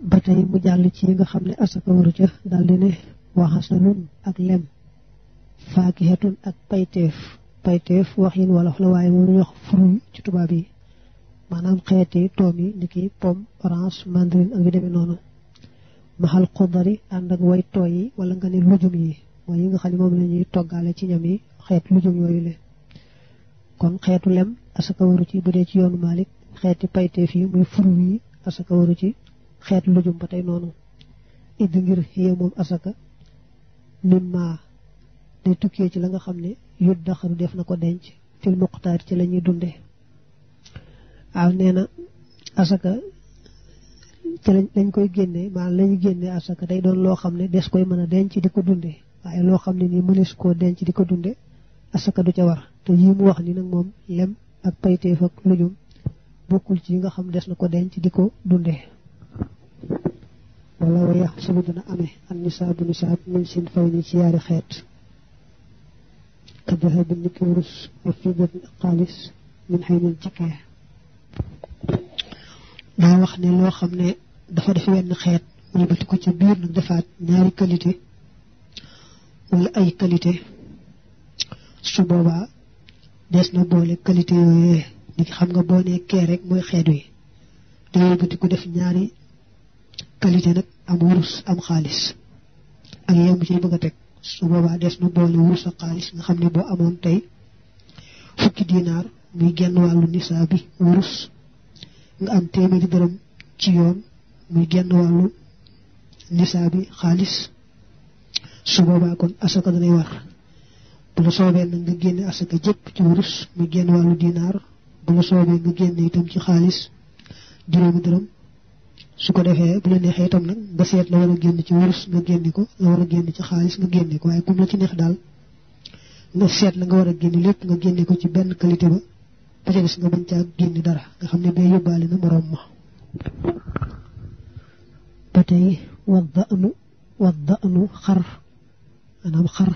ba tey mu jàll ci yi nga xam ne asaka waru ca daldi ne waxasanun ak lem faakixatun ak payteef payteef wax yin wolof la waaye moom lañu wax fruit ci tubaab yi maanaam xeeti toom yi niki pomme orange mandarine ak yu demee noonu maxal xudari ànd ak way tooy yi wala nga ne lujum yi mooy yi nga xam ne moom la ñuy toggaale ci ñam yi xeet lujum yooyu le kon xeetu lem asaka waru ci bu dee ci yoonu Maalik xeeti payteef yi muy fruit yi asaka waru ci xeetu lujum ba tey noonu idd ngir xëye moom asaka mimma day tukkee ci la nga xam ne yut daxaru def na ko denc fil muqtaar ci lañuy ñuy dunde waaw nee na asaka ci lañ koy génnee maanaam la ñu génnee day doon loo xam ne des koy mën denc di ko dunde waaye loo xam ne nii mënees koo denc di ko dunde asaka du ca war te yii mu wax ni nag moom lem ak payteef ak lujum bokkul ci yi nga xam des na ko denc di ko dunde wala wa yaxsibu dina amee an nisaabu nisaab min sin fay ni ci yaari xeet ka joxe bi niki wurus ak fiidatin ak xaalis min xëy nin ci kee daa wax ne loo xam ne dafa def wenn xeet wëlbati ko ci biir nag defaat ñaari qualité wala ay qualité su des na boole qualité yooyee niki xam nga boo nee rek mooy xeet wi da wëlbati ko def ñaari qualité nag am wurus am xaalis ak yem ci bëgg a teg su boobaa des na boole wurus ak xaalis nga xam ne boo amoon tey fukki dinaar muy genn wàllu nisaa bi wurus nga am téeméeri dërëm ci yoon muy genn wàllu nisaa bi xaalis su boobaa kon asaka danay war bu la soobee nag nga génne asaka jëpp ci wurus muy genn wàllu dinaar bu la soobee nga génne itam ci xaalis juróomi dërëm su ko defee bu la neexee itam nag nga seet la war a génn ci wurus nga génne ko la war a génn ci xaalis nga génne ko waaye comme la ci neex daal nga seet la nga war a génne lépp nga génne ko ci benn qualité ba ba ca nga bañ caa génne dara nga xam ne bee yóbbaale na moroom ma ba tey wadda anu wadda anu xar maanaam xar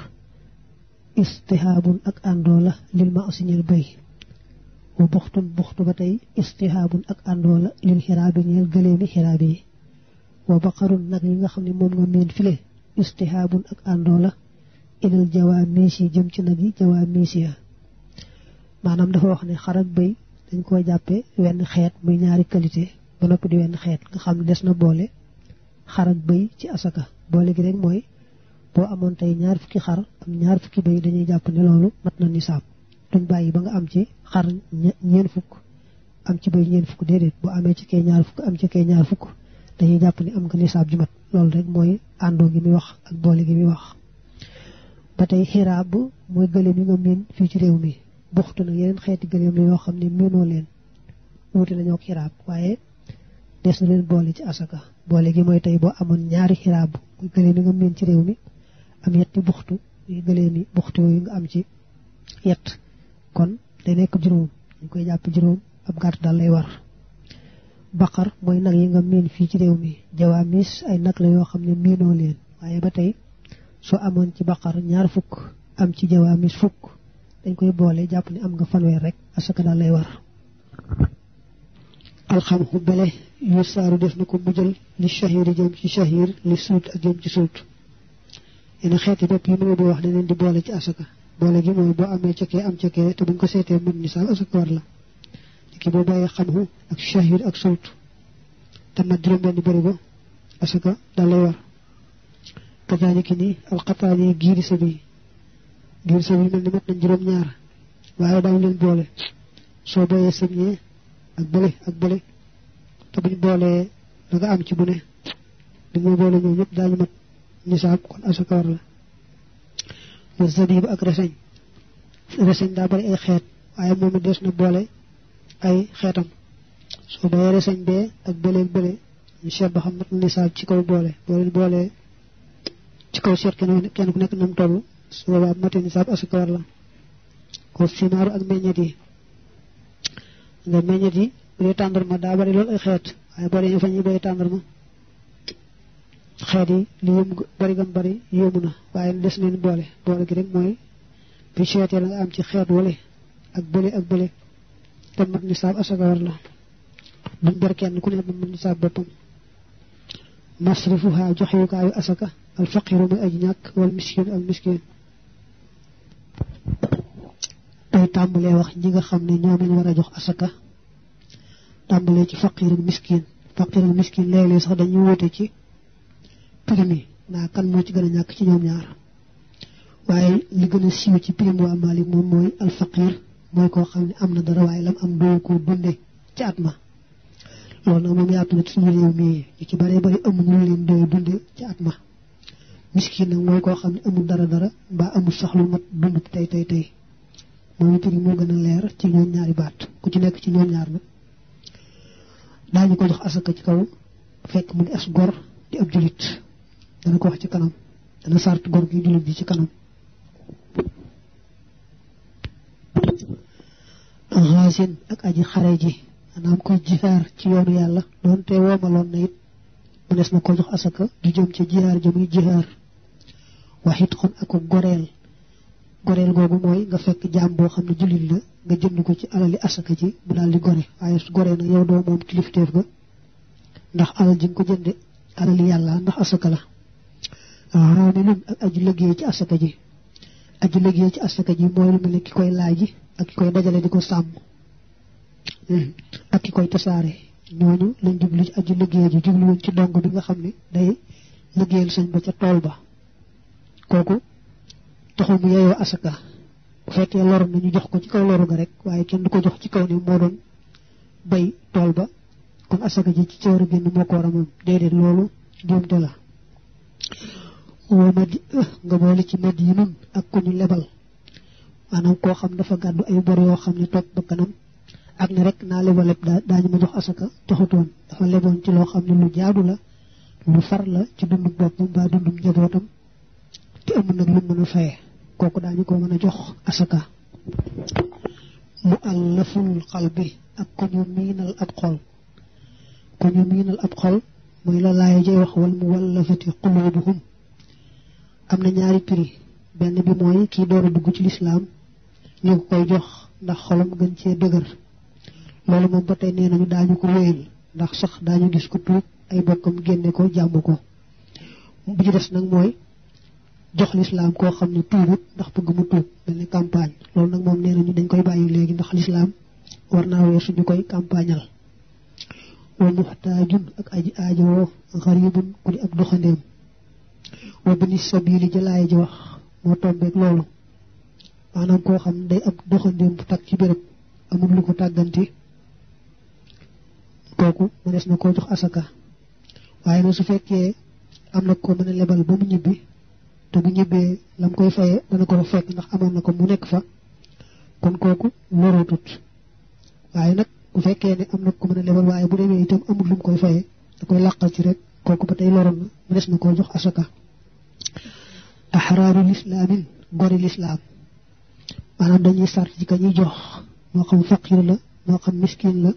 istihaabun ak àndoo la lil ma asiñal bay wa buxtun buxtu ba tey istihaabun ak àndoo la lil xiraabi ñeel gëleemi xiraabi yi wa xarul nag yi nga xam ne moom nga meen file istihaabun ak àndoo la ilal jawaa miis yi jëm ci nag yi jawaa miis ya maanaam dafa wax ne xar ak bëy dañ koy jàppe wenn xeet muy ñaari qualité ba noppi di wenn xeet nga xam des na boole xar ak bëy ci asaka boole gi rek mooy boo amoon tey ñaar fukki xar am ñaar fukki bëy dañuy jàpp ne loolu mat na nisaab duñ bàyyi ba nga am ci xar ñeen fukk am ci bay ñeen fukk déedéet bu amee ci kee fukk am ci kee fukk dañuy jàpp ni am nga nisaab ju mat loolu rek mooy àndoo gi muy wax ak boole gi muy wax ba tey xiraab mooy gëléem yi nga miin fii ci réew mi buxtu nag yeneen xeeti gëléem la yoo xam ne miinoo leen wuute nañoo ak xiraab waaye des na leen boole ci asaka boole gi mooy tey boo amoon ñaari xiraab muy gëléem yi nga miin ci réew mi am yetti buxtu muy gëléem yi buxtu yooyu nga am ci yett kon day nekk juróom dañ koy jàpp juróom ab gàtt daal lay war baqar mooy nag yi nga miin fii ci réew mi jawaamis ay nag la yoo xam ne miinoo leen waaye ba tey soo amoon ci baqar ñaar fukk am ci jawaamis fukk dañ koy boole jàpp ni am nga fanweer rek asaka daal lay war alxamxu bele yu saaru def na ko mu li shahir yi jëm ci shahir li suut ak jëm ci suut yenn xeeti bopp yi mu di wax ne leen di boole ci asaka boole gi mooy boo amee ca am ca te buñ ko seetee mën misaal asaka war la ki boo bàyyee xamhu ak shahir ak sult te mat juróom benn barigo asaka daal lay war kazaalika ni alxataan yi giiri sa bi giiri sa bi mel ni mat nañ juróom ñaar waaye daaw leen boole soo bàyyee sëñee ak bële ak bële te buñ boolee da nga am ci bu ne li muy boole ñoom ñëpp daañu mat nisaab kon asaka war la wa zabiib ak reseñ reseñ daa bari ay xeet waaye moom it des na boole ay xeetam soo bayee reseñ bee ak bële bële ñu seet ba ci kaw boo leen boolee ci seet kenn ku nekk nam toll su boobaa mate nisaab asaka war la ko simaaru ak meññet yi nga meññet yi bu dee tàndarma daa bari loolu ay xeet waaye boo dee fa ñuy bay tàndarma xeet yi li yëm bari gam bari yéemu na waaye des neen boole boole gi rek mooy bi seetee la am ci xeet wale ak bële ak bële te mat nisaab asaka war la buñ ber kenn ku ne ba mat nisaab boppam masrifuha joxeyukaayu asaka al faqiru muy aji ñàkk wal miskin ak miskin te tàmbulee wax ñi nga xam ne ñoom war a jox asaka tàmbalee ci faqir ak miskin faqir ak miskin léeg-léeg sax dañuy wute ci primi naa kan moo ci gën a ñàkk ci ñoom ñaar waaye li gën a siiw ci prime waa Malik moom mooy alfaqir mooy koo xam ne am na dara waaye lam am doo ko dunde ci at ma loolu nag moom yaatu na ci suñu réew mi ñu ci bëree bëri amuñu leen doy dunde ci at ma miskin nag mooy koo xam ne amul dara dara mbaa amul soxlu mat dund tey tey tey moom itam moo gën a leer ci ñoom ñaari baat ku ci nekk ci ñoom ñaar nag daañu ko jox asaka ci kaw fekk mu ngi as gor di ab julit dana ko wax ci kanam dana sart góor gi jullit bi ci kanam xaasin ak aji xare ji maanaam ko jihaar ci yoonu yàlla doonte woomaloon na it mënees na ko jox asaka du jëm ca jihaar ja muy jihaar waxit xon ak goreel goreel googu mooy nga fekk jaam boo xam ne jullit la nga jënd ko ci alali asaka ji mu daal di gore waaye su goree nag yow doo moom kilifteef ga ndax alal ji nga ko jënde alali yàlla ndax asaka la aamilan ak aju liggéey ci asaka ji aju ci asaka ji mooy lu mel ne ki koy laaji ak ki koy dajale di ko sàmm hmm. ak ki koy tasaare ñooñu lañ jublu ci aju liggéey ji jubluwuñ ci dong bi nga xam ne day liggéeyal sëñ ba ca tool ba kooku taxul mu yeyoo asaka bu fekkee lor na ñu jox ko ci kaw loru ga rek waaye kenn du ko jox ci kaw ne moo doon bay tool ba kon asaka ji ci ci war génn moo ko war déedéet loolu njuumte la wa madi nga boole ak ku ñu lebal koo xam dafa gàddu ay bor yoo xam ne toog ba ak ne rek naa lebaleb daañu ma jox asaka taxutoon dafa leboon ci loo xam ne lu la lu far la ci dundum boppam mbaa lu mën a faye kooku daañu ko mën a jox asaka mu allaful xalbi ak ku ñu miinal ab xol ku ñu ab xol mooy la laay jay wax wal mu wallafati qulubuhum am na ñaari prix benn bi mooy kii door a ci lislaam ñu ngi koy jox ndax xolam gën cee dëgër loolu moom ba tey nee nañu daañu ko wéyal ndax sax daañu gis ko tuub ay bokkam génne ko jàmm ko bu ci des nag mooy jox lislaam koo xam ne tuubut ndax bëgg mu tuub mel ni loolu nag moom nee nañu dañ koy bàyyi léegi ndax lislaam war naa weesu ñu koy campagneal wa muxtaajun ak aji aajowoo xaribun ku di ab doxandéem wa bni sabili jëlaay ji wax moo tombeeg loolu maanaam koo xam ne day ab doxandéem bu tag ci béréb amul lu ko tàgganti kooku mënees na koo jox asaka waaye nag su fekkee am nag ko mën a lebal ba mu ñibbi te bu ñibbee la mu koy fayee dana ko fekk ndax amoon na ko mu nekk fa kon kooku lorootut waaye nag bu fekkee ne am nag ko mën lebal waaye bu demee itam amul lu mu koy fayee da koy làqal ci rek kooku ba tey loroon na mënees na koo jox asaka axraaru lislaamin gori lislaam maanaam dañuy sar ci ka ñuy jox moo xam faqir la moo xam miskin la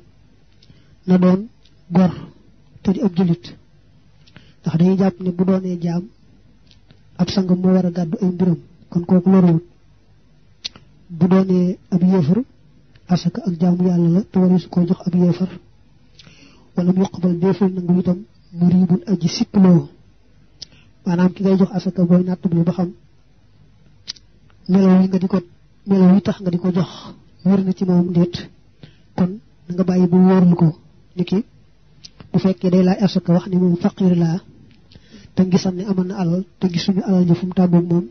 na doon gor te di ab jullit ndax dañuy jàpp ne bu doonee jaam ab sang moo war a gàddu ay mbiram kon kooku loruwut bu doonee ab yéefar asaka ak jaamu yàlla la te warisu koo jox ab yéefar wala mu yoqbal déefal nangu itam muribun aji sippaloo maanaam ki ngay jox asaka booy nattable ba xam melo yi nga di ko melo yi tax nga di ko jox wér na ci moom déet kon da nga bàyyi bu wóorlu ko niki bu fekkee day laaj asaka wax ni moom faqir laa te gisam ne amoon na alal te gisuñu alal ji fu mu tàggoog moom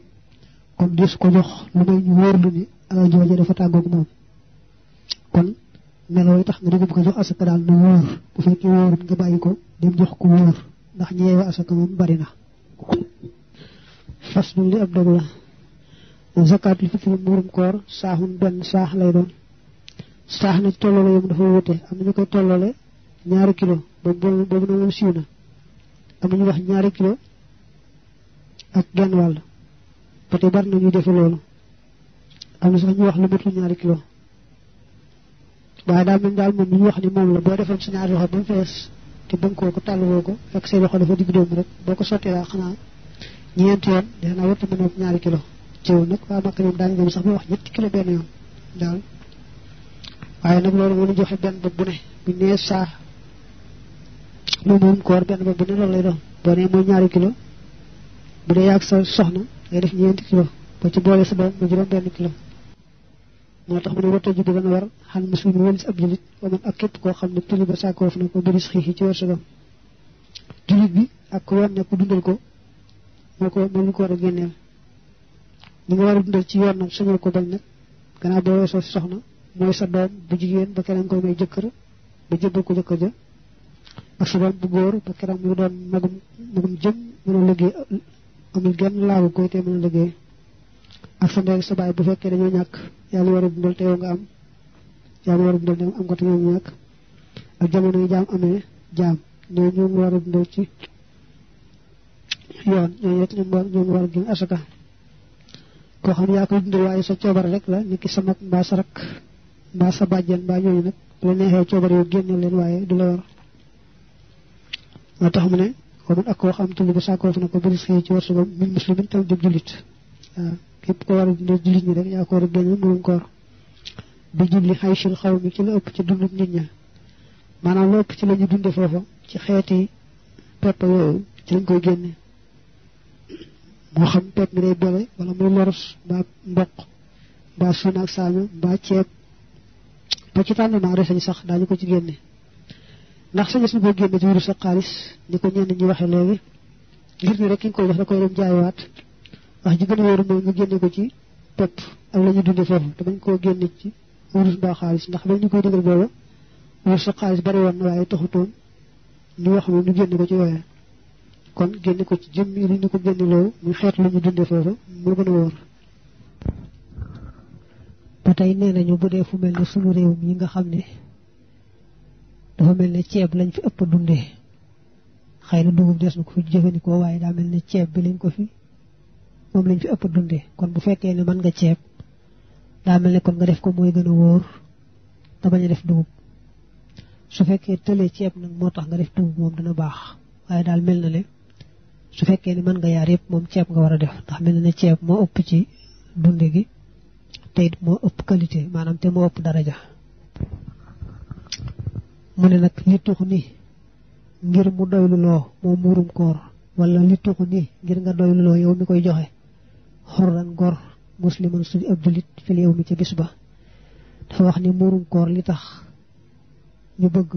kon des ko jox lu may ñu wóorlu ni alal jooje dafa tàggoog moom kon melo yi tax nga di ko bëgg a jox asaka daal na wóor bu fekkee wóorut nga bàyyi ko dem jox ko wóor ndax ñeewa asaka moom bari na fas nun li ab dog la zakatul fitri muurum koor saaxun benn saax lay doon saax na tollale yom dafa wute am nañu koy tollale ñaari kilo boobu boobu na moom siiw na am nañu wax ñaari kilo ak genn wàll peut-être bari na ñuy defe loolu am na sax ñu wax lu matul ñaari kilo waaye daal mel moom li wax ni moom la boo defoon sa ñaari loxo ba mu fees te bënkoo ko tàll woo ko fekk say loxo dafa digg dóomu rek boo ko sottee daal xanaa ñeenti yoon dee naa warta mën a ñaari kilo ciw nag waa Makka ñoom daañu dem sax ba wax ñetti kilo benn yoon daal waaye nag loolu mënu joxe benn bopp bu ne buñ nee saa moom moom koor benn bopp bu ne loolu lay doon boo nee mooy ñaari kilo bu dee yàgg sa soxna ngay def ñeenti kilo boo ci boole sa doom mu juróom benn kilo moo tax mu ne wata ji di dana war xan muslimi walis ab julit waman ak képp koo xam ne tuli ba sàkkoof na ko biris xiixi ci wërsëgam julit bi ak ku yoon ne ku dundal ko moo ko ma lu ko war a génneel li nga war a dundal ci yoon nag sañoo ko bañ nag bu jigéen ba keneen koy may jëkkër ba jëbbal ko jëkkër ja ak sa doom bu góor ba keneen mu doon magum magum jëm mën a liggéey amul genn laagu koy te mën a liggéey ak sa ndey ak sa baay bu fekkee dañoo ñàkk yàlla war a dundal te yow nga am yàlla war a dundal te am ko te ñoom ñàkk ak jamono yi jaam amee jaam ñoo war a dundal ci yoon ñooñu rek ñu war ñu war a génn asaka koo xam yaa koy dundal waaye sa coobare rek la nit sa mag mbaa sa rak mbaa sa leen waaye du la war moo tax mu ne wa man ak koo xam tulli ba sàkkoof na ko bëri ci war sugam min muslimin tam jullit waaw képp ko war a dundal jullit ñi rek yaa ko war a dundal mburum koor bi jubli xaysul xaw mi ci la ëpp ci dundub nit ña maanaam la ëpp ci la ñu dunde foofa ci xeeti pepp yooyu ci lañ koy génne moo xam pepp mi day bole wala muy loros mbaa mboq mbaa suuna ak saaño mbaa ceeb ba ci tànn maa reseñ sax daañu ko ci génne ndax sañes ñu ko génne ci wuru sa xaalis ni ko ñenn ñi waxe léegi ngir ni rek ki koy jox da koy dem jaayiwaat wax ji gën a wóor mooy ñu génne ko ci pepp ak la ñu dunde foofu te bañ koo génne ci wurus baa xaalis ndax ba ñu koy dëgal booba wurus ak xaalis bari woon na waaye taxutoon ñu wax moom ñu génne ko ci yooya kon génne ko ci jëmm yi li ko génne loo muy xeet lu ñu dunde foofu moo gën tey nee nañu bu dee fu mel ne suñu nga xam ne dafa mel ne ceeb lañ fi ëpp dunde xëy na dugub des na ko fi jëfandikoo waaye daa mel ne ceeb bi lañ ko fi moom lañ fi ëpp dunde kon bu fekkee ne mën nga ceeb daa mel ne kon nga def ko mooy gën a wóor te bañ a def dugub su fekkee tëlee ceeb nag moo tax nga def dugub moom dana baax waaye daal mel na ne su fekkee ne mën nga yaar yëpp moom ceeb nga war a def ndax mel na ne ceeb moo ëpp ci dunde gi te moo ëpp qualité maanaam te moo ëpp daraja mu ne nag li tux ni ngir mu doylu loo moom muurum koor wala li tux ni ngir nga doylu loo yow mi koy joxe xorran gor musliman suñu ab jullit fil mi ca bis ba dafa wax ni muurum koor li tax ñu bëgg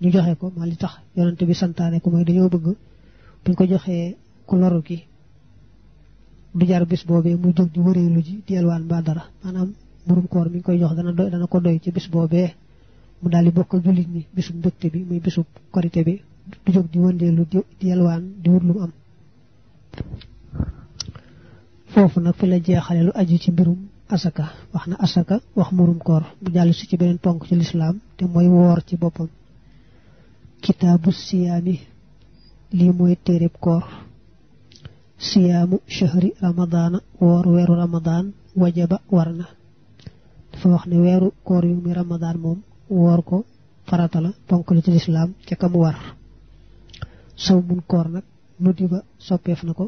ñu joxe ko ma li tax yonent bi santaane ko mooy dañoo bëgg buñ ko joxee ku loru ki du jar bis boobee mu jóg di wëreelu ji di yelwaan ba dara maanaam muurum koor mi koy jox dana doy ko doy ci bis boobee mu daal di ko jullit ñi bisub mbégte bi muy bisub korité bi du jóg di wëndeelu di yelwaan di wut lu mu am foofu nag fa la jeexale lu ci mbirum asaka wax na asaka wax murum koor bu jàll su ci beneen ponk ci lislaam te mooy woor ci boppam kitaabu siyaami lii mooy téereb koor siyaamu shahri ramadaana woor weeru ramadaan wajaba war na dafa wax ne weeru koor yu muy moom woor ko farata la ponk la ci lislaam ca ka war saw mun koor nag nu ba soppeef na ko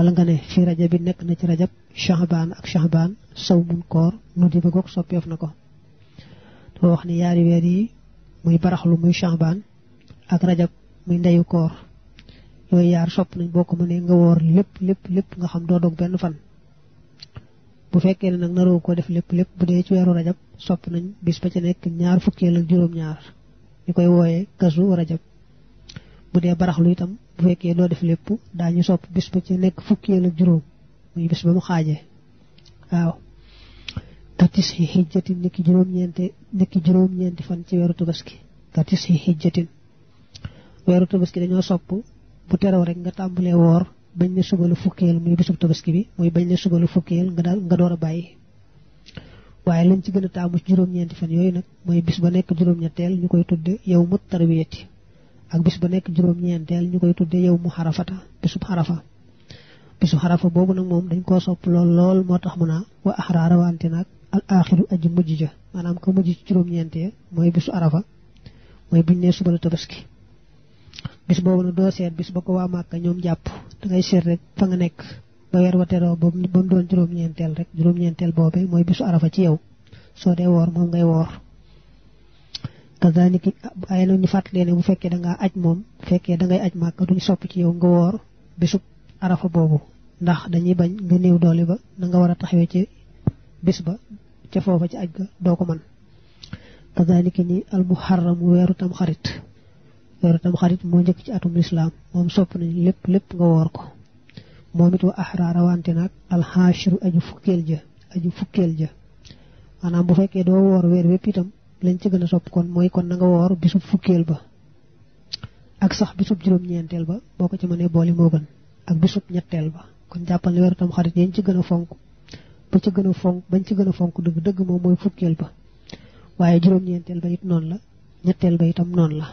wala nga ne fi rajab bi nekk na ci rajab shahbaan ak shahbaan sawmun koor nu di ba goog soppeef na ko dafa wax ni yaari weer yi muy baraxlu muy shahbaan ak rajab muy ndeyu koor yooyu yaar sopp nañ bokk ko mënee nga woor lépp lépp lépp nga xam doo dog benn fan bu fekkee ne nag naroo ko def lépp lépp bu dee ci weeru rajab sopp nañ bis ba ci nekk ñaar fukkeel ak juróom-ñaar ñu koy wooyee kasu rajab bu dee baraxlu itam bu fekkee doo def lépp daañu sopp bis ba ci nekk fukkeel ak juróom muy bis ba mu xaajee waaw tatis yi xijjatin nekki juróom-ñeenti nekki juróom-ñeenti fan ci weeru tabaski tatis yi xijjatin dañoo sopp bu teraw rek nga tàmbalee woor bañ ne suba lu fukkeel muy bisub tabaski bi muy bañ ne suba lu fukkeel nga daal nga door a bàyyi waaye lañ ci gën a taamu juróom-ñeenti fan yooyu nag mooy bis ba nekk juróom-ñetteel ñu koy tudd yow mut tarwiyati ak bis bu nekk juróom-ñeenteel ñu koy tuddee yow mu xarafata bisub xarafa bisu xarafa boobu nag moom dañ koo sopp lool lool moo tax mu naa wa axraara wante nag al axiru aji mujj ja maanaam ko mujj ci juróom-ñeentee mooy bisu arafa mooy buñ nee suba la tabaski bis boobu nag doo seet bis ba ko waa màkka ñoom jàpp dangay seet rek fa nga nekk ba weer wa teroo ba mu doon juróom-ñeenteel rek juróom-ñeenteel boobe mooy bisu arafa ci yow soo dee woor moom ngay woor kazaliki ay nag ñu fàttalee ne bu fekkee da ngaa aj moom bu fekkee da ngay aj màkka duñ sopp ci yow nga woor bésub arafa boobu ndax dañuy bañ nga néew doole ba na nga war a taxawee ci bis ba ca foofa ci aj ga doo ko mën kazaliki ni almuharram weeru tam xarit weeru tam xarit moo njëkk ci atum lislaam moom sopp nañ lépp lépp nga woor ko moom it wa ahraara wante nag alxaashiru aju fukkeel ja aju bu fekkee doo woor weer wépp itam lañ ci gën a sopp kon mooy kon na nga woor bisub fukkeel ba ak sax bisub juróom-ñeenteel ba boo ko ci mënee boole moo gën ak bisub ñetteel ba kon jàppal ne weeru tam xarit yañ ci gën a fonk ba ci gën a bañ ci gën fonk dëgg dëgg moom mooy fukkeel ba waaye juróom-ñeenteel ba it noonu la ñetteel ba itam noon la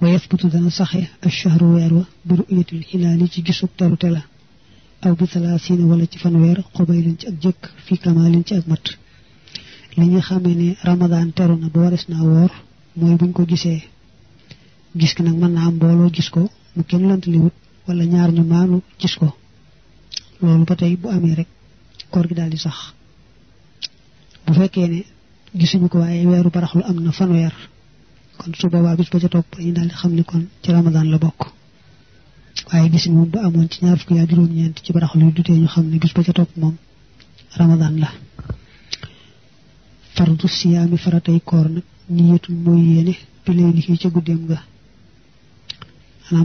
wa yasbutu dana saxe achahru weer wa bi ruyatul hilaali ci gisub terute la aw bi talaasina wala ci fanweer xobaylan ci ak jëkk fii ci ak mat li nga xamee ne ramadaan teru na ba wares naa woor mooy buñ ko gisee gis ki nag mën naa am mbooloo gis ko mu kenn lant liwut wala ñaar ñu maanu gis ko loolu ba tey bu amee rek koor gi daal di sax bu fekkee ne gisuñu ko waaye weeru baraxlu am na fanweer kon su waa bis ba ca topp dañu daal di xam ni kon ci ramadaan la bokk waaye gis moom bu amoon ci ñaar fukki yaa ñeent ci baraxlu yi dutee ñu xam ne bis ba ca topp moom ramadaan la fardu siyaami faratay koor nag niyetul mooy ca guddeem ga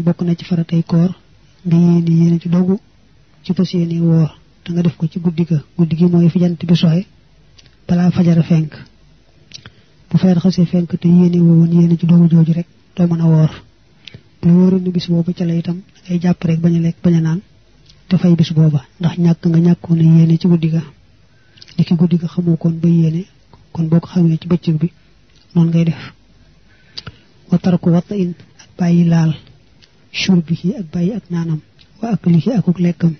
bokk na ci faratay koor ci dogu ci fas yéene nga def ko ci guddi ga guddi gi mooy fi jant bi balaa fajara fenk bu fajar xasee fenk te yéene woon yéene ci dogu jooju rek doo mën a woor bu ca la itam dangay jàpp rek bañ a lekk a naan te fay bis booba ndax ñàkk nga ñàkkoon a ci guddi ga li ki guddi xamoo koon ba yéene kon boo ko xamee ci bëccëg bi noonu ngay def wa tarku watta ak bàyyi laal shurbihi ak bàyyi ak naanam wa aklihi akuk lekkam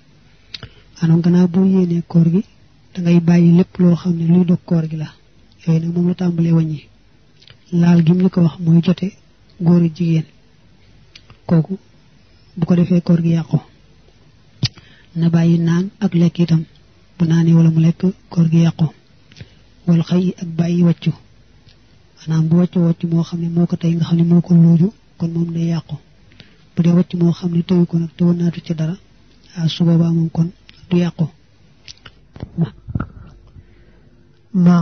maanaam gannaaw boo yéenee koor gi dangay bàyyi lépp loo xam ne luy dog koor gi la yooyu nag moom la tàmbalee wàññi laal gi mu ko wax mooy jote góor ak jigéen kooku bu ko defee koor gi yàqu na bàyyi naan ak lekk itam bu naanee wala mu lekk koor gi yàqu wal xaw yi ak bàyyi wàccu maanaam bu wàccu wàccu moo xam ne moo ko tey nga xam ne moo ko luuju kon moom day yàqu bu dee wàcc moo xam ne tëyu ko nag te wanaatu ci dara a ah, su boobaa moom kon du yàqu ma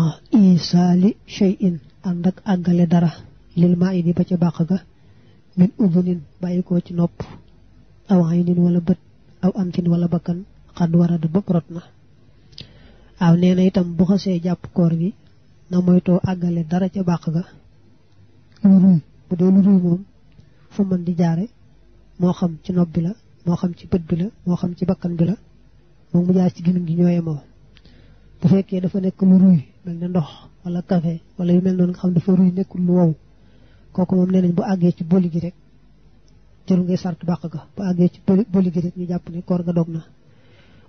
isaali shay'in ànd ak àggale dara lil maa ini ba ca bàq ga min udunin bàyyi ko ci nopp aw aynin wala bët aw antin wala bakkan xad warada bëpp rot na waaw nee itam bu xasee jàpp koor gi na moytoo àggale dara ca bàq ga lu ruuy bu dee lu ruuy moom fu mën di jaare moo xam ci nopp bi la moo xam ci bët bi la moo xam ci bakkan bi la moom mu ci ginum gi ñooye moom bu fekkee dafa nekk lu ruuy mel ne ndox wala café wala yu mel noonu nga xam dafa ruuy nekkul lu wow kooku moom nee nañ bu àggee ci boli gi rek jëru ngay sart bàq ga bu àggee ci boli gi rek ñu jàpp ne koor ga dog na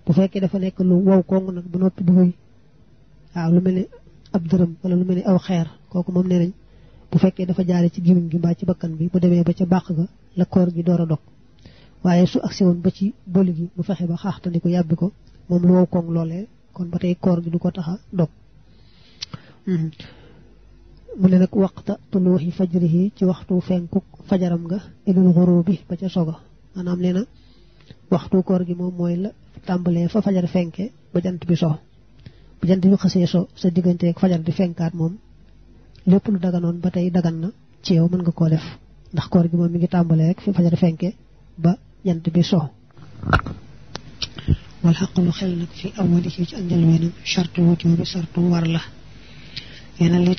bu fekkee dafa nekk lu wow koŋŋ nag bu noppi buy waaw lu mel ni ab dërëm wala lu mel ni aw xeer kooku moom nee nañ bu fekkee dafa jaare ci gémmiñ gi mbaa ci bakkan bi bu demee ba ca bàq ga la koor gi door a dog waaye su agsi woon ba ci boli gi bu fexe ba xaax xaaxtandi ko yàbbi ko moom lu wow koŋ loolee kon ba tey koor gi du ko tax a dog mu ne nag waxta tuluuxi fajrihi ci waxtu fenkuk fajaram nga ilul xurubi ba ca soga maanaam nee na waxtu koor gi moom mooy la tàmbalee fa fajar fenke ba jant bi so bu jant bi xasee so sa digganteeg fajar bi fenkaat moom lépp lu daganoon ba tey dagan na ci yow mën nga koo def ndax koor gi moom mi ngi tàmbalee rek fi fajar fenke ba jant bi so wal xaqlu xel nag fi awwalihi ci ak njëlbeenam charte wutu bi sartu war la yeneen li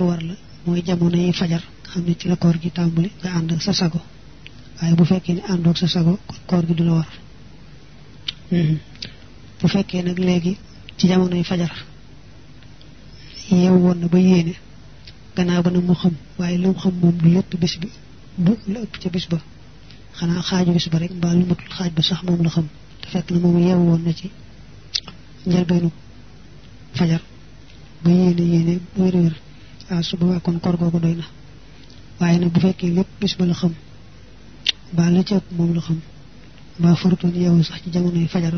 war la mooy jamono yi fajar xam ne ci la koor gi tàmbali nga ànd sa sago waaye bu fekkee ne àndoog sa sago kon koor gi du la war hmm. bu fekkee nag léegi ci jamonoy fajar yeew woon na ba yéene gannaaw ba nag mu xam waaye lu xam moom du lépp bis bi du la ëpp ca bis ba xanaa xaaju bis ba rek mbaa lu matul xaaj ba sax moom la xam te fekk na moom yeew woon na ci njëlbeenu fajar ba yéene yéene wér-wér waaw su boobaa kon koor googu doy na waaye nag bu fekkee lépp bis ba la xam mbaa la ca ëpp moom la xam mbaa farutoon yow sax ci jamonoy fajar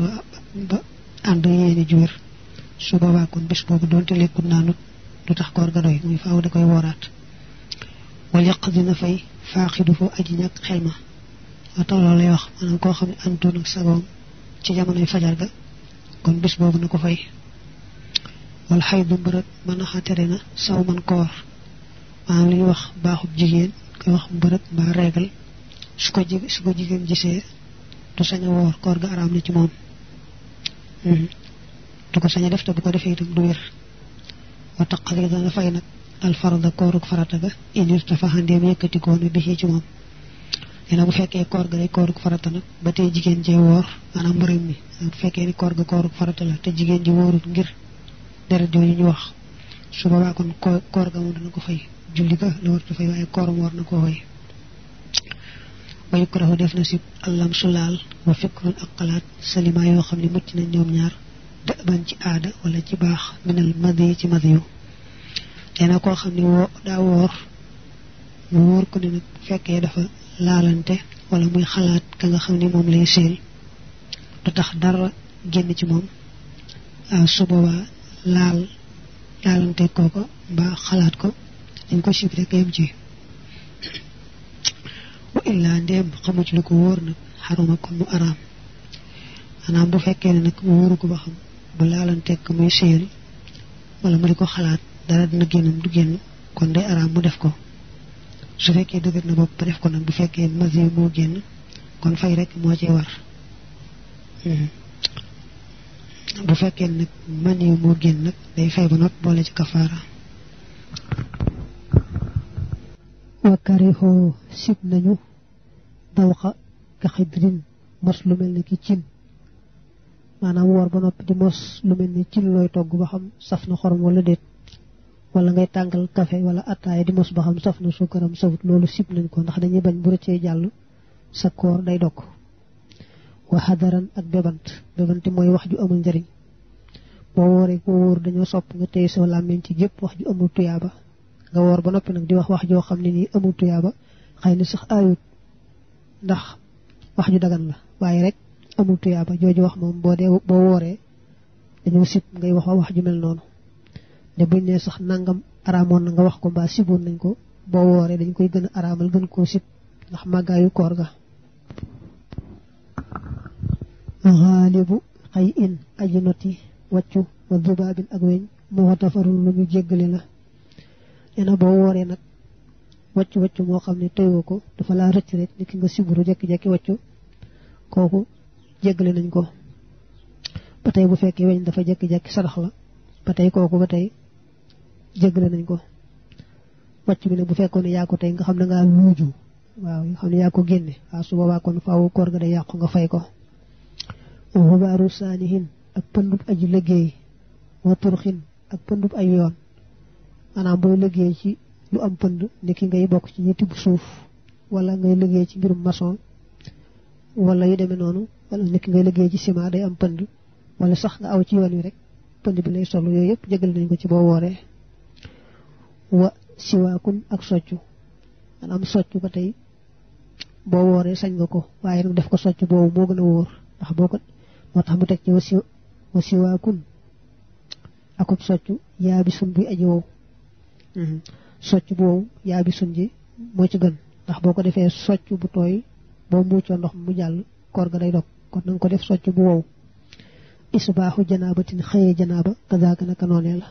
ba ànd yéene ju wér su boobaa kon bés boobu doonte lekkut naanut du tax koor ga doy muy faaw da koy wooraat wal yàq dina fay faaxidu foo aji ñàkk xel ma waxtaan loolu lay wax maanaam koo xam ne àndoon ak sagoom ci jamonoy fajar ga kon bés boobu na ko fay wal xay bu mbërëg mën a xatere na saw man koor maanaam li ñu wax baaxub jigéen koy wax mbërëg mbaa reegal su ko jig su ko jigéen gisee du sañ a woor koor ga araam na ci moom hmm. du ko sañ def te bu ko defee itam du wér wa taqali dana fay nag alfarada koorug farata ga inir dafa xandeem yëkkati ko na bu fekkee koor ga day koorug farata nag ba tey jigéen jee woor maanaam mbërëm mi bu fekkee ni koor ga koorug farata la te jigéen ji wóorut ngir deret yu ñu wax su boobaa kon koor ga moom dana ko fay julli ga la war a waaye kooram war na koo fay wayu korahu def na sib allam laal wa fikrun ak xalaat salima yoo xam ne mucc nañ ñoom ñaar dëban ci aada wala ci baax minal madi ci madi yu dena koo xam ne woo daa woor mu wóor ko ne nag fekkee dafa laalante wala muy xalaat ka nga xam ne moom lay seel du tax dara génn ci moom su boobaa laal laalante kooko mbaa xalaat ko dañ ko sib rek yem ci illaa ndéem xamu ci lu ko wóor nag xaruma kon mu araam maanaam bu fekkee ne nag wóoru ko ba xam bu laalanteeg muy séeri wala mu di ko xalaat dara dina génnam du génn kon day araam mu def ko su fekkee dëgër na bopp ba def ko nag bu fekkee masi moo génn kon fay rek moo ci war hmm. bu fekkee nag mani moo génn day fay ba not boole ci kafaara wa karihoo sib nañu dawxa ka xidrin mos lu mel na ki cin maanaam woor ba noppi di mos lu mel ni cin looy togg ba xam saf na xorom wala déet wala ngay tàngal kafe wala attaaya di mos ba xam saf na suukaram safut loolu sib nañ ko ndax dañuy bañ bu rëccee jàll sa koor day dokk wa hadaran ak bébant bébanti mooy wax ju amul njariñ boo wooree ko wóor dañoo sopp nga téye soo làmmiñ ci gépp wax ju amul tuyaaba nga woor ba noppi nag di wax wax joo xam ne nii amul tuyaaba xëy ndax wax ju dagan la waaye rek amul tuyaaba jooju wax moom boo dee boo wooree dañoo sib ngay wax wax ju mel noonu ne buñ ne sax nangam araamoon na nga wax ko mbaa siboon nañ ko boo wooree dañ koy gën a araamal gën koo sib ndax màggaayu koor ga xaalibu xay in aji noti wàccu wa dubaabin ak weñ moo tafarul lu ñu jéggale la nee na boo wooree nag wàcc wàcc moo xam ne tëyoo ko dafa laa rëcc rek ni ki nga siburu jekki-jekki wàccu kooku jéggale nañ ko ba tey bu fekkee weñ dafa jekki-jekki sarax la ba tey kooku ba tey jéggale nañ ko wacc bi nag bu fekkoon ne yaa ko tey nga xam ne ngaa luuju waaw yoo xam ne yaa ko génne waaw su boobaa kon faaw koor ga day yàqu nga fay ko xubaaru saanihin ak pëndub aju liggéey wa turxin ak pëndub ay yoon maanaam booy liggéey ci lu am pënd niki ngay bokk ci ñi tibb suuf walla ngay liggéey ci mbirum maçon wala yu demee noonu wala niki ngay liggéey ci ciment day am pënd wala sax nga aw ci yoon wi rek pënd bi lay sol yooyu yëpp jëgal nañ ko ci boo wooree wa siwaakun ak soccu maanaam soccu ba tey boo wooree sañ nga ko waaye def ko soccu boobu moo gën a wóor boo ko tax mu teg ci wa siwaakun akub soccu yaa bi sun wow mm-hmm. socc bu wow yaa bi suñ ji moo ci gën ndax boo ko defee socc bu tooy boo muucoo ndox mu jàll koor ga day dog kon na ko def socc bu wow isbaaxu janaabatin xëyee janaaba kazaaka naka noonee la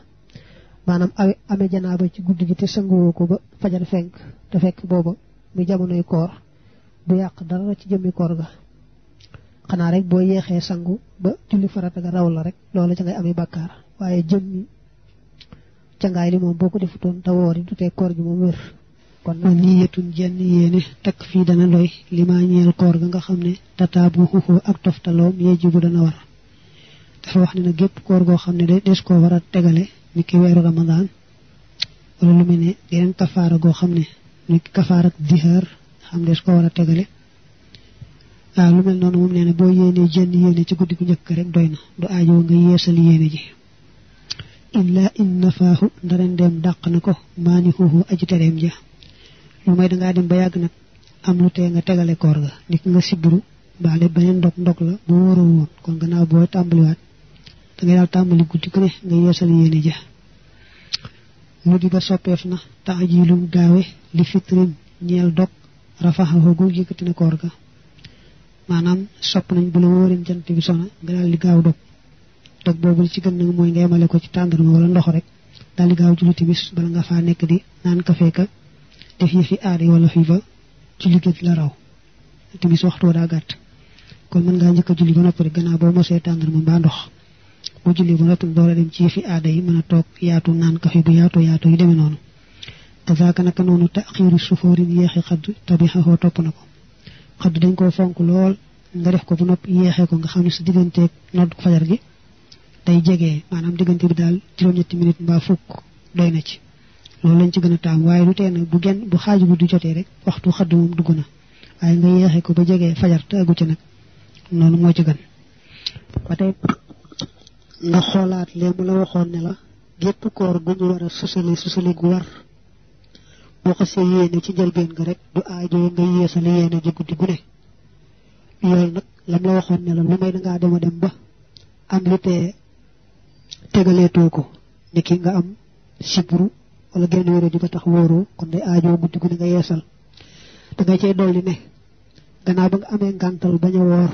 maanaam awe amee janaaba ci guddi gi te sanguwoo ko ba fajar fenk te fekk booba mu jamonoy koor bu yàq dara ci jëmmi koor ga xanaa rek boo yeexee sangu ba julli farata ga raw la rek loolu ca ngay amee bàkkaar waaye jëmmi cangaay li moom boo ko defutoon te woori du tee koor gi moom wér kon nag niyetun jenn yéene takk fi dana doy li maa ñeel koor ga nga xam ne tataabu xuxoo ak toftaloom yejibu dana war dafa wax ne nag gépp koor goo xam ne day des koo war a tegale ni ki weeru ramadaan wala lu mel ne goo xam ne ni ki kafaarak des koo war a tegale waaw lu mel noonu moom nee na boo yéenee jenn yéene ci guddi gu njëkk rek doy na du aajowo nga yeesal yéene ji illaa in nafaahu ndara ndeem dàq na ko maanikuhu aji tereem ja lu may dangaa dem ba yàgg nag am lu tee nga tegale koor ga ni ki nga sibbiru mbaale beneen ndog ndog la boo waroo woon kon gannaaw boo tàmbaliwaat da ngay daal tàmbali guddi gu ne nga yeesal yéene ja mu di ba soppeef na taajilum gaawe li fitrin ñeel dog rafaxahu gu yëkkati na koor ga maanaam sopp nañ bu la wóorin jant bi nga daal di gaaw dog dog boobu li ci gën nag mooy nga yemale ko ci tàndarma wala ndox rek daal di gaaw julli timis bala nga faa nekk di naan kafe ka def yi fi aada wala fii ba julli gi la raw timis waxtu daa gàtt kon mën ngaa njëkk a julli ba nopp rek gannaaw boo mosee tàndarma mbaa ndox boo julli ba noppi doo a dem ci yëfi aada yi mën a toog yaatu naan kafe bu yaatu yaatu yu demee noonu kazaaka naka noonu taxiiru sufóorin yeexi xaddu tabixaxoo topp na ko xaddu dañ koo fonk lool nga ko ba noppi yeexee nga xam ne sa digganteeg nodd fajar gi day jege maanaam diggante bi daal juróom-ñetti minute mbaa fukk doy na ci loolu lañ ci gën a taam waaye lu tee nag bu genn bu xaaju bu du jotee rek waxtu xadd moom dugg na waaye nga yeexee ko ba jege fajar te aggu ci nag noonu moo ci gën ba tey nga xoolaat lee mu la waxoon ne la gépp koor gu ñu war a susali susali gu war boo xasee yéene ci njëlbeen nga rek du aajoo nga yeesali yéene ji guddi gu ne nag lam la waxoon ne la lu may dangaa dema dem ba am tegaleetoo ko ni nga am sibru wala genn wéra di ko tax wóoroo kon day aajoo guddi gu ne nga yeesal da nga cey dolli ne gannaaw ba nga amee ngàntal bañ a doon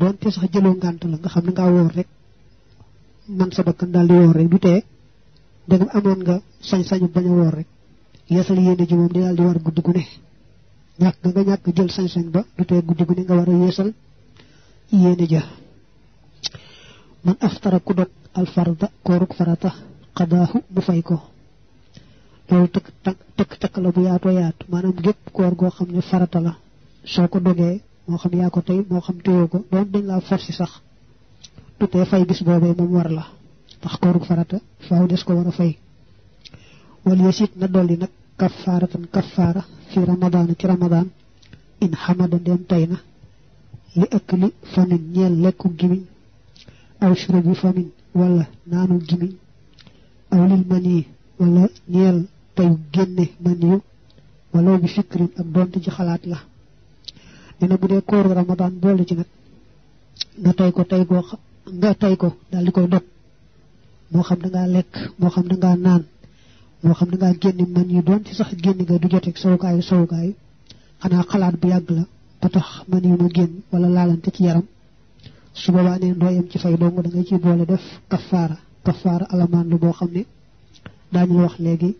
doonte sax jëloo ngànt la nga xam ne ngaa woor rek man sa bakkan daal di woor rek du tee danga amoon nga sañ-sañu bañ woor rek yeesal yéene ji moom di daal di war guddi gu ne ñàkk nga ñàkk jël sañ-sañ ba du tee guddi gu ne nga war a yeesal yéene ja man aftara ku dog alfarda kooruk farata xadaahu mu fay ko loolu tëkk tëkk la bu yaatoo yaatu maanaam gépp koor goo xam ne farata la soo ko dogee moo xam yaa ko tey moo xam téyoo ko doon dañ laa force sax tutee fay bis boobee moom war la ndax kooruk farata faaw des ko war a fay wala yësit na dolli nag kafaaratan kafaara fi ramadaana ci ramadaan in xamada ndeem tey na li ëkk li fanin ñeel lekku gimiñ aw shurbi famin wala naanu gimiñ aw lil mani wala ñeel payu génne man yu wala bi fikrin ak donte ci xalaat la dina bu dee kooru ramadan boole ci nag nga tey ko tey koo ko daal di koy dog moo xam da lekk moo xam da ngaa naan moo xam da ngaa génne man yu doon ci sax génne nga du joteeg sowukaayu sowukaayu xanaa xalaat bu yàgg la ba tax man yu ma génn wala laalante ci yaram su boobaa ne doo yem ci fay dong da nga ciy boole def kafaara kafaara alamandu boo xam ne daañu la wax léegi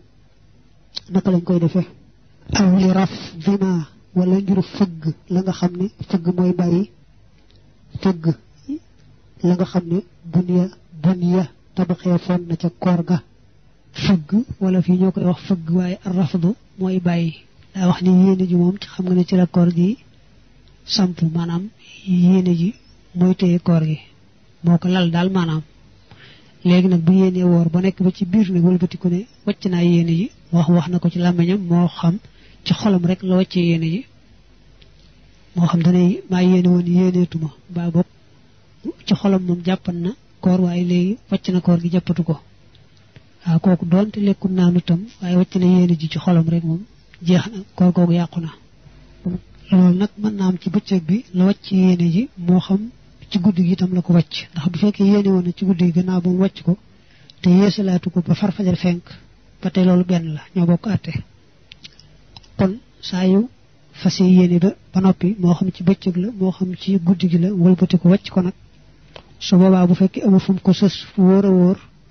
naka lañ koy defee aw li raf vima wala ngir fëgg la nga xam ne fëgg mooy tabaxee fon na ca koor ga fëgg wala fii ñoo koy wax fëgg waaye rafdu mooy bàyyi daa wax ni yéene ji moom ci xam nga ne ci la gi samp maanaam yéene ji mooy téye koor gi moo ko lal daal maanaam léegi nag bu yéenee woor ba nekk ba ci biir ne wëlbatiku ne wàcc naa yéene ji wax wax na ko ci làmmiñam moo xam ci xolam rek la wàccee yéene ji moo xam danay maa yéene woon yéeneetuma baa bopp ci xolam moom jàppan na koor waaye léegi wàcc na koor gi jàppatu ko waaw kooku doonte lekkul naanu tam waaye wàcc na yéene ji ci xolam rek moom jeex na koor googu yàqu na loolu nag mën naa am ci bëccëg bi la wàcc yéene ji moo xam ci guddi gi itam la ko wàcc ndax bu fekkee yéene woon na ci guddi gi gannaaw ba mu ko te yeesalaatu ko ba farfajar fenk ba tey loolu benn la ñoo bokk àtte kon saa yu fase yéene ba ba noppi moo xam ci bëccëg la moo xam ci guddi gi la wëlbati ko wàcc ko nag su boobaa bu fekkee amul fu mu ko sës a wóor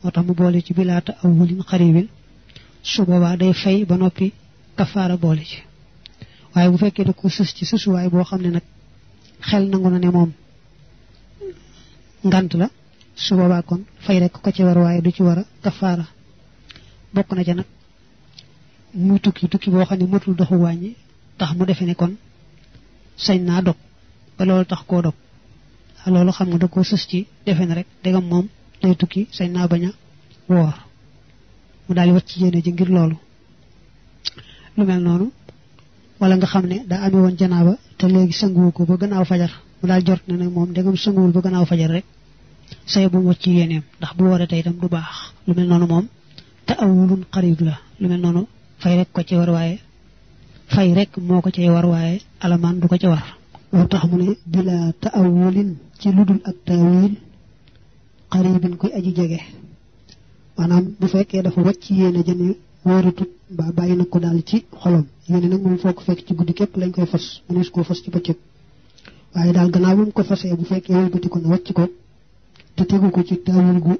moo tax boole ci bilaata aw wulin xaribin su boobaa day fay ba noppi kafaara boole waaye bu fekkee da ko sës ci sësuwaay boo xam ne nag xel nangu na ne moom ngant la su boobaa kon fay rekk ko ci war waaye du ci war a kafaara bokk na ca nag muy tukki tukki boo xam ne matul doxu wàññi tax mu defe ne kon sañ naa dog ba loolu tax koo dog ah, loolu xam nga da koo sës ci defe na rek dégam moom day tukki sañ naa baña woor mu daal di wat ci yéene ji ngir loolu lu mel noonu wala nga xam ne daa ame woon janaaba te léegi sënguwu ko ba gannaaw fajar mu daal na ne nag moom ndegam sanguwul ba gannaaw fajar rek say bu mu wàcc ndax bu waree tey itam du baax lu mel noonu moom te awulun xarib la lu mel noonu fay rek ko ci war waaye fay rek moo ko cay warwaaye waaye alamaan du ko ca war loo tax mu ne bila ta awulin ci ludul ak taawil xaribin kuy aji jege maanaam bu fekkee dafa wàcc yéene jën wóoratut mbaa bàyyi na ko daal ci xolom yéene nag moom foo ko fekk ci guddi képp lañ koy fas mënees koo fas ci waaye daal gannaaw bu ko fasee bu fekkee wëlbati ko ne wàcc ko te tegu ko ci taawil gu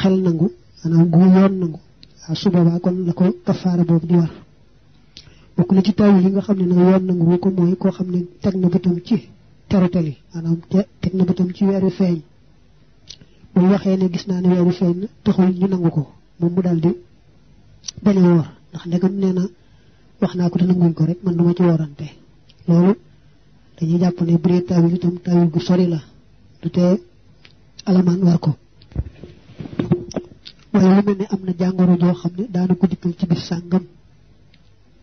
xel nangu maanaam gu yoon nangu waaw ah, su boobaa kon la ko kafaara boobu di war bokk na ci taawil yi nga xam ne nag yoon nangu ko koo xam ne teg na bëtam ci yi maanaam teg na ci weeru feeñ bu waxee ne gis naa ne weeru feeñ na ko moom mu daal di bañ woor ndax ndegam nee na wax naa ko te nanguñ ko rek man du ma ci worante loolu dañuy jàpp ne bu dee taawil itam taawil gu sori la du tee alamaan war ko waaye lu mel ne am na jàngoro joo xam ne daana ko dikkal ci bis sàngam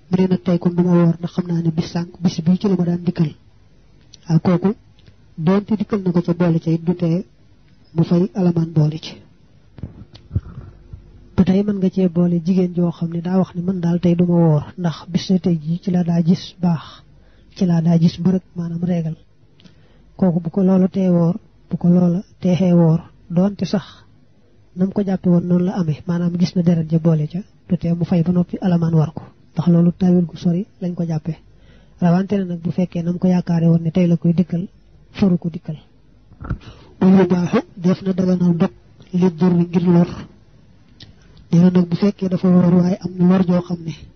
mu ne nag tey kon duma woor ndax xam naa ne bis sànq bis bii ci la ma daan dikkal waaw kooku doonte dikkal na ko ca boole ca it du tee mu fay alamaan boole ci ba tey mën nga cee boole jigéen joo xam ne daa wax ne man daal tey duma woor ndax bis na tey ji ci la daa gis baax ci laa daa gis bërëg maanaam réegal kooku bu ko loolu tee woor bu ko loola teexee woor doonte sax nam ko jàppe woon noonu la amee maanaam gis na deret ja boole ca du tee mu fay ba noppi alamaan war ko ndax loolu tawil gu sori lañ ko jàppee rawante ne nag bu fekkee nam ko yaakaare woon ne tey la koy dikkal faru ko dikkal wulu baaxu def na daganal dog li dur ngir lor nee na nag bu fekkee dafa woor waaye am na lor joo xam ne